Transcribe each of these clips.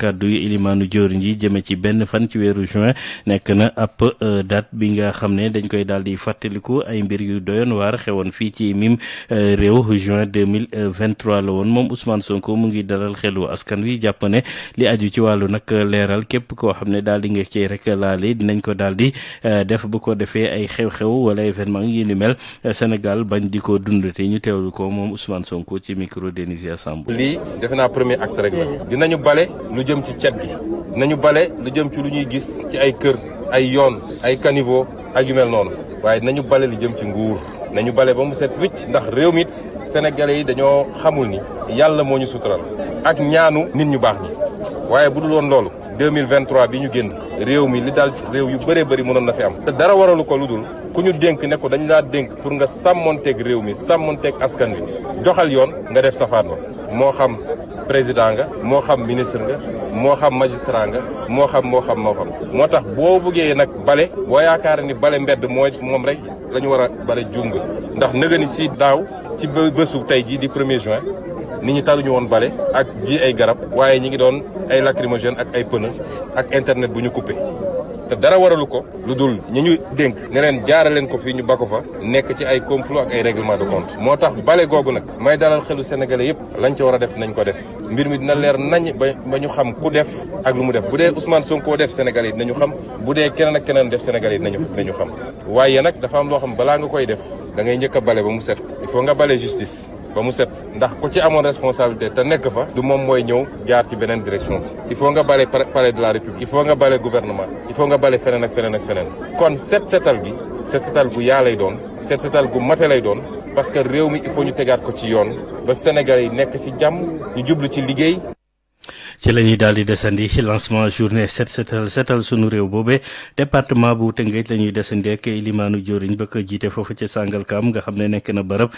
kàddu yi ilimaanu jëwriñ yi ci benn fan ci weeru juin nekk na ab euh, date bi nga xam ne dañ koy daal di fàttaliku ay mbir yu doyoon waar xewoon fii ci mim euh, réew juin 2023 la woon moom Ousmane Sonko mu ngi dalal xelu askan wi jàpp ne li aju ci wàllu nag leeral képp koo xam ne daal di nga cee rek laale dinañ ko daal di euh, def bu ko defee ay xew-xew wala événement yi ni mel Sénégal bañ di ko dund te ñu teewlu ko moom Ousmane Sonko ci micro Denisia Samb. lii defe jëm ci cet gi nañu bale lu jëm ci lu ñuy gis ci ay kër ay yoon ay caniveau ak yu mel noonu waaye nañu bale lu jëm ci nguur nañu bale ba mu set wicc ndax réew mi it sénégalais yi dañoo xamul ni yàlla moo ñu sutural ak ñaanu nit ñu baax ñi waaye bu dul woon loolu 2023 bi ñu génn réew mi li daal réew yu bëree bëri mënoon na fi am te dara waralu ko lu dul ku ñu dénk ne ko dañu laa dénk pour nga sàmmonteeg réew mi sàmmoon sàmmonteeg askan wi joxal yoon nga def safaan président nga moo xam ministre nga moo xam magistrat nga moo xam moo xam moo xam moo tax boo buggee nag bale boo yaakaar ni bale mbedd mooy moom rek la ñu war a bale juum nga ndax nëga si daaw ci bësu tey jii di premier juin ni ñi taluñu woon bale ak ji ay garab waaye ñi ngi doon ay lacrymogène ak ay pneu ak internet bu ñu coupé te dara waralu ko lu dul ñu ñu dénk ne leen jaara leen ko fii ñu bako fa nekk ci ay complot ak ay règlement de compte moo tax bale googu nag may dalal xelu sénégale yëpp lañ ca war a def nañ ko def mbir mi dina leer nañ ba ba ñu xam ku def ak lu mu def bu dee Ousmane koo def sénégalais yi dinañu xam bu dee keneen ak keneen def sénégalais yi dinañu dinañu xam waaye nag dafa am loo xam balaa nga koy def da ngay bale ba mu set il faut nga bale justice ba mu set ndax ku ci amoon responsabilité te nekk fa du moom mooy ñëw jaar ci beneen direction bi il faut nga bale palais de la république il faut nga bale gouvernement il faut nga bale feneen ak feneen ak feneen kon set setal gi set setal gu yaa lay doon set setal gu mate lay doon parce que réew mi il faut ñu tegaat ko ci yoon ba Sénégal yi nekk ci jàmm ñu jublu ci liggéey ci la ñuy daal di desandi ci lancement journée set setal setal sunu réew boobee département bu Tëngéej la ñuy desandi ak limaanu jooriñ ba ko jiite foofu ci Sangalkam nga xam ne nekk na barab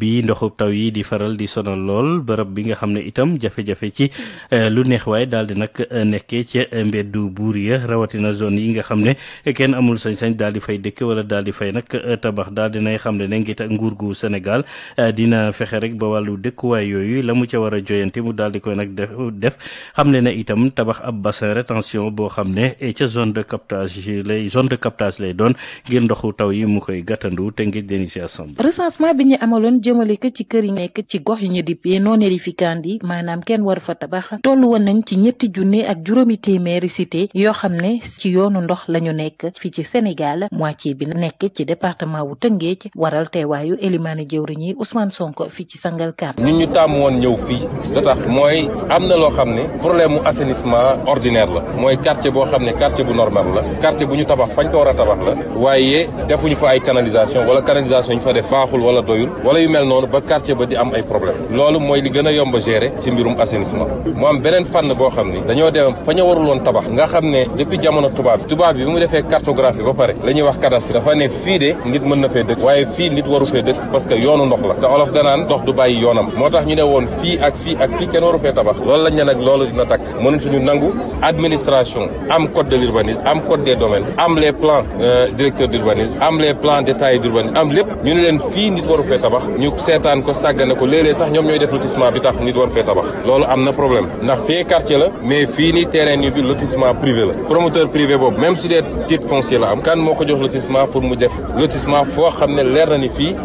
bi ndoxub taw yi di faral di sonal lool barab bi nga xam ne itam jafe-jafe ci eh, lu neex waaye daal di nag eh, nekkee ca mbeddu buur ya rawatina zone yi nga xam ne kenn amul sañ-sañ daal di fay dëkk wala daal di fay nag eh, tabax daal di nay xam ne ne ngir nguur gu Sénégal dina fexe rek ba wàllu dëkkuwaay yooyu la mu ca war a joyante mu daal di koy nag def xam ne na itam tabax ab bassin rétention boo xam ne eh, ca zone de captage lay zone de captage lay doon ngir ndoxu taw yi mu koy gàttandu te ngir denisi assemb recensement bi ñu amaloon jëmale ko ci kër yi nekk ci gox yi ñu dippee non aedificandi maanaam kenn war fa tabax tollu woon nañ ci ñetti junne ak juróomi téeméeri cité yoo xam ne ci yoonu ndox la ñu nekk fii ci Sénégal moitié bi nekk ci département wu Tëngéej waral teewaayu Elimaane jëwriñ yi Ousmane sonk fii ci Sangalkam ñun ñu tàmm woon ñëw fii la tax mooy am na loo xam ne problème mu assainissement ordinaire la mooy quartier boo xam ne quartier bu normal la quartier bu ñu tabax fañ ko war a tabax la waaye defuñu fa ay canalisation wala canalisation ñu fa def faaxul wala doyul wala yu mel noonu ba quartier ba di am ay problème loolu mooy li gën a yomb a ci mbirum assainissement mu am beneen fànn boo xam ni dañoo dem fa ñu warul woon tabax nga xam ne depuis jamono tubaab bi tubaab bi bi mu defee cartographie ba pare la ñuy wax cadastre dafa ne fii de nit mën na fee dëkk waaye fii nit waru fee dëkk parce que yoonu ndox la olof danaan ndox du bàyyi yoonam moo tax ñu ne woon fii ak fii ak fii kenn waru fee tabax loolu loolu dina takk mënatuñu nangu administration am code de l'urbanisme am code des domaines am les plans euh, directeurs d'urbanisme am les plans détaillés d'urbanisme am lépp ñu ne leen fii nit waru fee tabax ñu seetaan ko sàggane ko léeg-léeg sax ñoom ñooy def lotissement bi tax nit waru fee tabax loolu am na problème ndax fee quartier la mais fii nii terrain ni bi lotissement privé la promoteur privé boobu même su dee titre foncier la am kan moo ko jox lotissement pour mu def lotissement foo xam ne leer na fii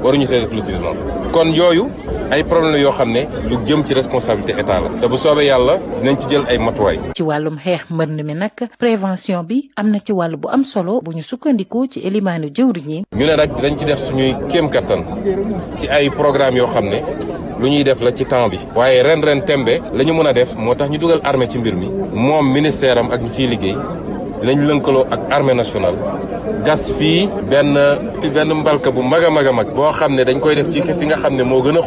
ay problème yoo xam ne lu jëm ci responsabilité état la te bu soobee yàlla dinañ ci jël ay matuwaay. ci wàllum xeex mbënd mi nag prévention bi am na ci wàll bu am solo bu ñu sukkandiku ci élimaanu jëwriñ yi ñu ne nag dinañ ci def suñuy kéem kattan ci ay programme yoo xam ne lu ñuy def la ci temps bi waaye ren ren tembe la ñu mën a def moo tax ñu dugal armée ci mbir mi moom ministère am ak ñu ciy liggéey. dinañ lënkaloo ak armée nationale gas fii benn benn mbalka bu mag a mag a mag boo xam ne dañ koy def ci fi nga xam ne moo gën a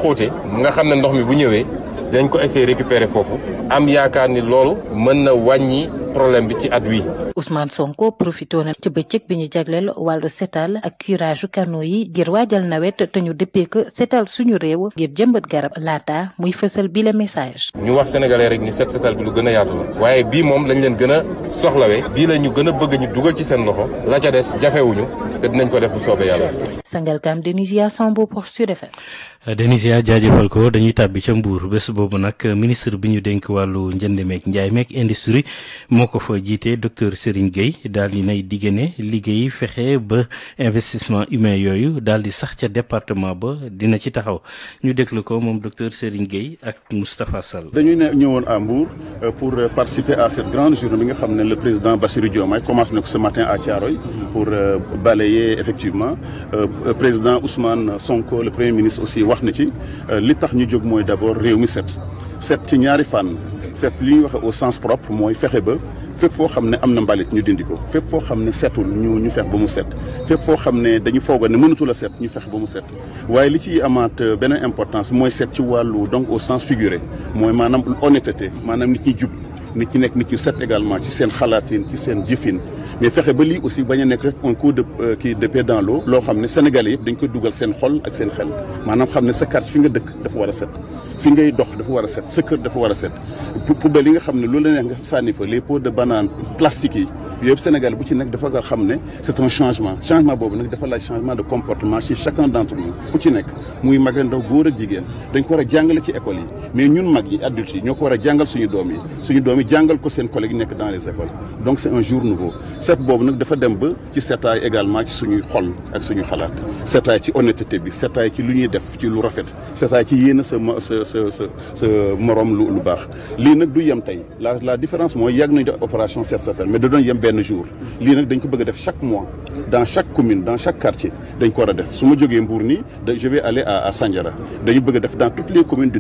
mu nga xam ne ndox mi bu ñëwee dañ ko essayer récupérer foofu am yaakaar ni loolu mën na wàññi problème bi ci at wi. Ousmane Sonko profité na ci bëccëg bi ñu jagleel wàllu setal ak curage canaux yi ngir waajal nawet te ñu dëppee ko setal suñu réew ngir jëmbat garab laata muy fësal bi la message. ñu wax sénégalais rek ni set setal bi lu gën a yaatu la waaye bii moom lañ leen gën a soxlawee bii la ñu gën a bëgg ñu dugal ci seen loxo la ca des jafewuñu te dinañ ko def bu soobee yàlla. Sangalkam Denisia Sambo pour Sud FM. Euh, Denisia jaajëfal ko dañuy tàbbi ca Mbour bés boobu nag ministre bi ñu denk wàllu njënd meek njaay meek industrie moo ko fa jiite docteur Serigne Gueye daal di nay diggante liggéey fexe ba investissement humain yooyu daal di sax ca département ba dina ci taxaw ñu déglu ko moom docteur Serigne Gueye ak Moustapha Sall. dañuy ne ñëwoon à Mbour euh, pour euh, participer à cette grande journée bi nga xam ne le président Bassirou Diomaye commencé na ko ce matin à Thiaroye pour yee effectivement euh, président Ousmane Sonko le premier ministre aussi wax na ci euh, li tax ñu jóg mooy d'abord réew mi set set ci ñaari fànn set li ñuy waxee au sens propre mooy fexe ba fépp foo xam ne am na mbalit ñu dindi ko fépp foo xam ne setul ñu ñu fex ba mu set fépp foo xam ne dañu foog ne mënatul a set ñu fex ba mu set waaye li ciy amaat euh, beneen importance mooy set ci wàllu donc au sens figuré mooy maanaam honnêteté maanaam nit ñi jub nit ñi nekk nit ñu set également ci seen xalaatin ci seen jëfin mais fexe ba lii aussi bañ a nekk rek un coup de euh, kii de dans l'eau loo xam ne sénégalais yëpp dañ ko dugal seen xol ak seen xel maanaam xam ne sa quartier fi nga dëkk dafa war a set fi ngay dox dafa war a set sa dafa war a set poubelle yi nga xam ne loolu la neex nga sànni fa les pots de banane yooyu yëpp Sénégal bu ci nekk dafa nga xam ne c'est un changement changement boobu nag dafa laaj changement de comportement ci chacun d'entre nous ku ci nekk muy mag góor ak jigéen dañ ko war a jàngale ci école yi mais ñun mag yi adultes a jàngal suñu doom yi ñu jàngal ko seen collègues yi nekk dans les écoles donc c' est un jour nouveau seet boobu nag dafa dem ba ci seetaay également ci suñuy xol ak suñu xalaat seetaay ci honnêteté bi seetaay ci lu ñuy def ci lu rafet seetaay ci yéen a sa sa sa sa sa morom lu baax lii nag du yem tey la différence mooy yàgg nañu def opération seet seetal mais da doon yem benn jour lii nag dañ ko bëgg a def chaque mois dans chaque commune dans chaque quartier dañ ko war a def su ma jógee Mbour nii a def dans toutes les communes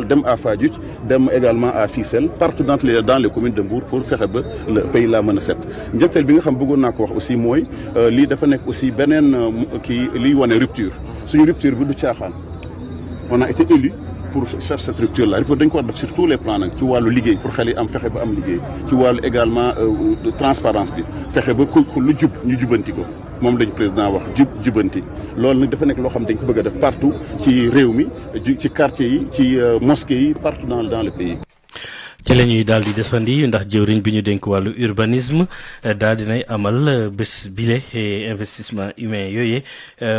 centrale dem à Fadiouth dem également à Fissel partout dans les dans les communes de Mbour pour fexe ba le pays la mën a set njëktal bi nga xam bëggoon naa ko wax aussi mooy euh, lii dafa nekk aussi beneen euh, kii liy wane rupture suñu rupture bi du caaxaan on a été élu pour faire cette rupture la il faut dañ ko war def sur tous les plans nag ci wàllu liggéey pour xale yi am fexe ba am liggéey ci wàllu également euh, transparence bi fexe ba ku lu jub ñu jubanti moom lañ président wax jub jubanti loolu nag dafa nekk loo xam dañ ko bëgg a def partout ci réew mi ci quartier yi ci euh, mosquée yi partout dans dans le pays ci la ñuy daal di desandi ndax jëwriñ bi ñu dénk wàllu urbanisme eh, daal dinay amal eh, bés bile eh, investissement humain yooye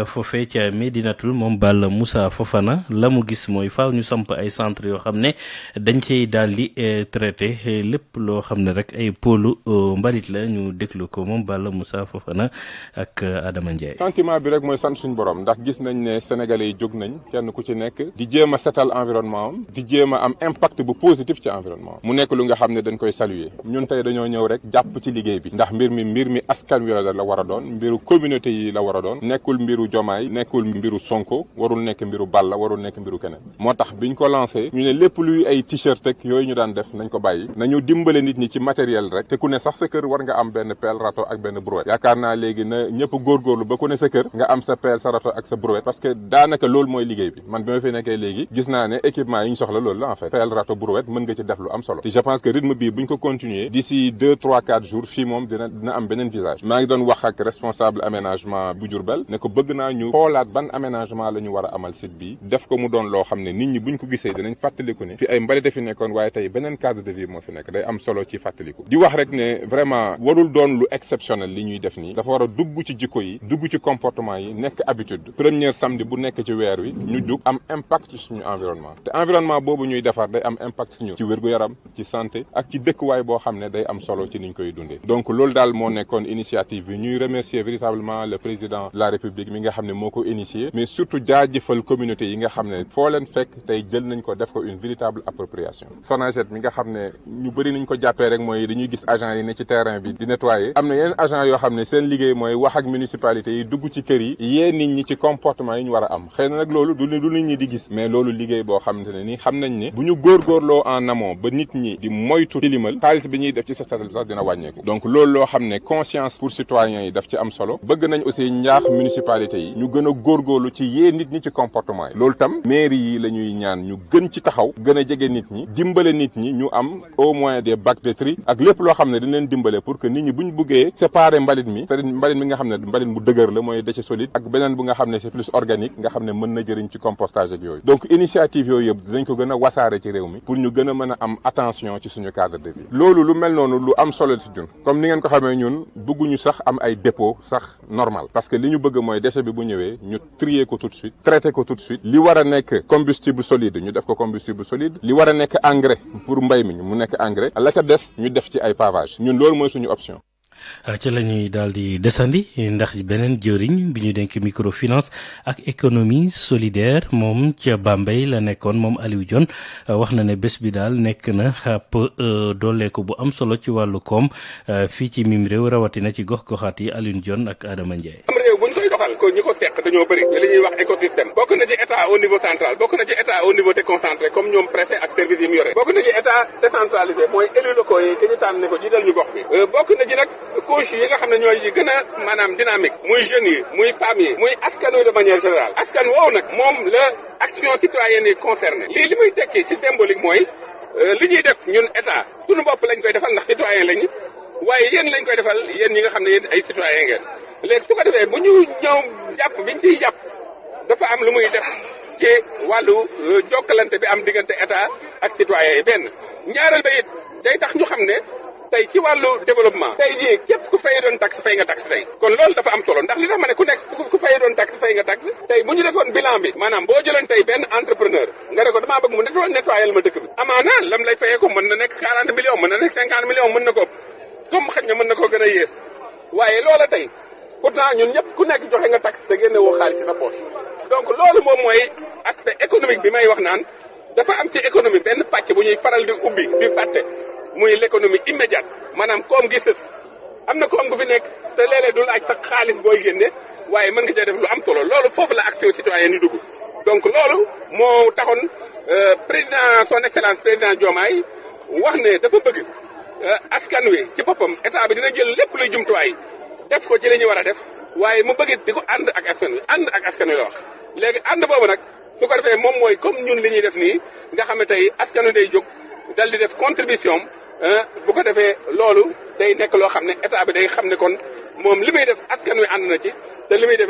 foofee ca Médinatul moom Balla Moussa Fofana la mu gis mooy faaw ñu samp ay centre yoo xam ne dañ ci daal di traité lépp loo xam ne rek ay pôlu mbalit la ñu déglu ko moom Balla Moussa Fofana ak Adama Ndiaye. sentiment bi rek mooy sant suñu borom ndax gis nañ ne Sénégalais jóg nañ kenn ku ci nekk di jéem a setal environnement am di jéem am impact bu positif ci environnement mu nekk lu nga xam ne dañ koy saluer ñun tey dañoo ñëw rek jàpp ci liggéey bi ndax mbir mi mbir mi askan wi la war a doon mbiru communauté yi la war a doon nekkul mbiru jomaay nekkul mbiru sonko warul nekk mbiru Balla warul nekk mbiru keneen moo tax biñ ko lancé ñu ne lépp luy ay t-shirt ak yooyu ñu daan def nañ ko bàyyi nañu dimbale nit ñi ci matériel rek te ku ne sax sa kër war nga am benn pelle râteau ak benn brouette yaakaar naa léegi na ñëpp góorgóorlu ba ku ne kër nga am sa pelle sa râteau sa brouette parce que daanaka loolu mooy liggéey bi man bi ma naa ne équipement yi ñu soxla loolu la mën nga ci def lu solo te je pense que rythme bii bu ñu ko continuer d'ici deux trois quatre jours fii moom dina am beneen visage maa ngi doon wax ak responsable aménagement bu Diourbel ne ko bëgg naa ñu xoolaat ban aménagement la ñu war amal site bi def ko mu doon loo xam ne nit ñi buñ ko gisee dinañ fàttaliku ne fi ay mbalit fi nekkoon waaye tey beneen cadre de vie moo fi nekk day am solo ci fàttaliku di wax rek ne vraiment warul doon lu exceptionnel li ñuy def nii dafa war a dugg ci jikko yi dugg ci comportement yi nekk habitude premier bu nekk weer wi ñu dugg am impact suñu environnement te environnement boobu ñuy defar day am impact suñu ci wér gu yaram ci santé ak ci dëkkuwaay boo xam ne day am solo ci niñ koy dundee donc loolu daal moo nekkoon initiative bi ñuy remercier véritablement le président de la république mi nga xam ne moo ko initié mais surtout jaajëfal communauté yi nga xam ne foo leen fekk tey jël nañ ko def ko une véritable appropriation SONAGED mi nga xam ne ñu bëri nañ ko jàppee rek mooy dañuy gis agent yi ne ci terrain bi di nettoyer am na yeneen agent yoo xam ne seen liggéey mooy wax ak municipalité yi dugg ci kër yi yee nit yi ñu war am xëy na nag loolu du du nit ñi di gis boo xam nañ ne bu nit ñi di moytu tilimal xaalis bi ñuy def ci set sax dina wàññeeku donc loolu loo xam ne conscience pour citoyens yi daf ci am solo bëgg nañ aussi ñaax municipalité yi ñu gën a góorgóorlu ci yee nit ñi ci comportement yi loolu tam mairie yi la ñaan ñu gën ci taxaw gën jege nit ñi dimbale nit ñi ñu am au moins de tri ak lépp loo xam ne dañ leen dimbale pour que nit ñi bu buggee séparer mbalit mi c'est mbalit mi nga xam ne mbalit mu attention ci suñu cadre de vie. loolu lu mel noonu lu am solo ci ñun comme ni ngeen ko xamee ñun bëgguñu sax am ay dépôt sax normal parce que li ñu bëgg mooy déchet bi bu ñëwee ñu trier ko tout de suite traiter ko tout de suite li war a nekk combustible solide ñu def ko combustible solide li war a nekk engrais pour mbay mi ñu mu nekk engrais la ca des ñu def ci ay pavage ñun loolu mooy suñu option. Euh, ci la ñuy daal di desandi ndax beneen jëriñ bi ñu denk microfinance ak économie solidaire moom ca Bambey la nekkoon moom Aliou jon euh, wax na ne bés bi daal nekk na xàpp euh, dooleeku bu am solo ci wàllu koom fii ci mim réew rawatina ci gox goxaat yi Aliou Dione ak Adama Ndiaye. doxal ko ñi ko seq dañoo bëri li ñuy wax écosystème bokk na ci état au niveau central bokk na ci état au niveau déconcentré comme ñoom préfet ak service yi mu yore couche yi nga xam ne ñooy yi gën a maanaam dynamique muy jeunes yi muy PAM yi muy askan wi de manière générale askan woowu nag moom la action citoyenne yi concerné lii li muy tekki ci symbolique mooy euh, li ñuy def ñun état suñu bopp lañ koy defal ndax citoyen lañu waaye yéen lañ koy defal yéen ñi nga xam ne yéen ay citoyen ngeen léegi su ko defee bu ñu ñëw jàpp biñ ci jàpp dafa am lu muy def ci wàllu euh, jokkalante bi am diggante état ak citoyen yi benn ñaareel ba it day xam ne tey ci wàllu développement tey jii képp ku fay doon taxe fay nga taxe tey kon loolu dafa am solo ndax li tax ma ne ku nekk ku fay doon taxe fay nga taxe tey bu ñu defoon bilan bi maanaam boo jëloon tey benn entrepreneur nga ne ko damaa bëgg mu nettoyal nettoyal ma dëkk bi amaana lam lay fayee ko mën na nekk quarante millions mën na nekk cinquante millions mën na ko na mën gën a yées waaye loola tey pourtant ñun ñëpp ku nekk joxe nga taxe te génne woo xaalis ci sa poche donc loolu moom mooy aspect économique bi may wax naan dafa am ci économie benn pàcc bu ñuy faral di ubbi di fàtte muy l'économie immédiate maanaam koom gi sës am na koom gu fi nekk te léeg-léeg dul aj sax xaalis booy génne waaye mën nga cee def lu am solo loolu foofu la action citoyenne yi dugg donc loolu moo taxoon euh, président son excellence président Diomaye wax ne dafa bëgg euh, askan wi ci boppam état bi dina jël lépp luy jumtuwaay def ko ci li ñu war a def waaye mu bëgg di ko ànd ak askan wi ànd ak askan wi la wax léegi ànd boobu nag su ko defee moom mooy comme ñun li ñuy def nii nga xam ne tey askan wi jóg dal di def contribution bu ko defee loolu day nekk loo xam ne état bi day xam ne kon moom li muy def askan wi ànd na ci te li muy def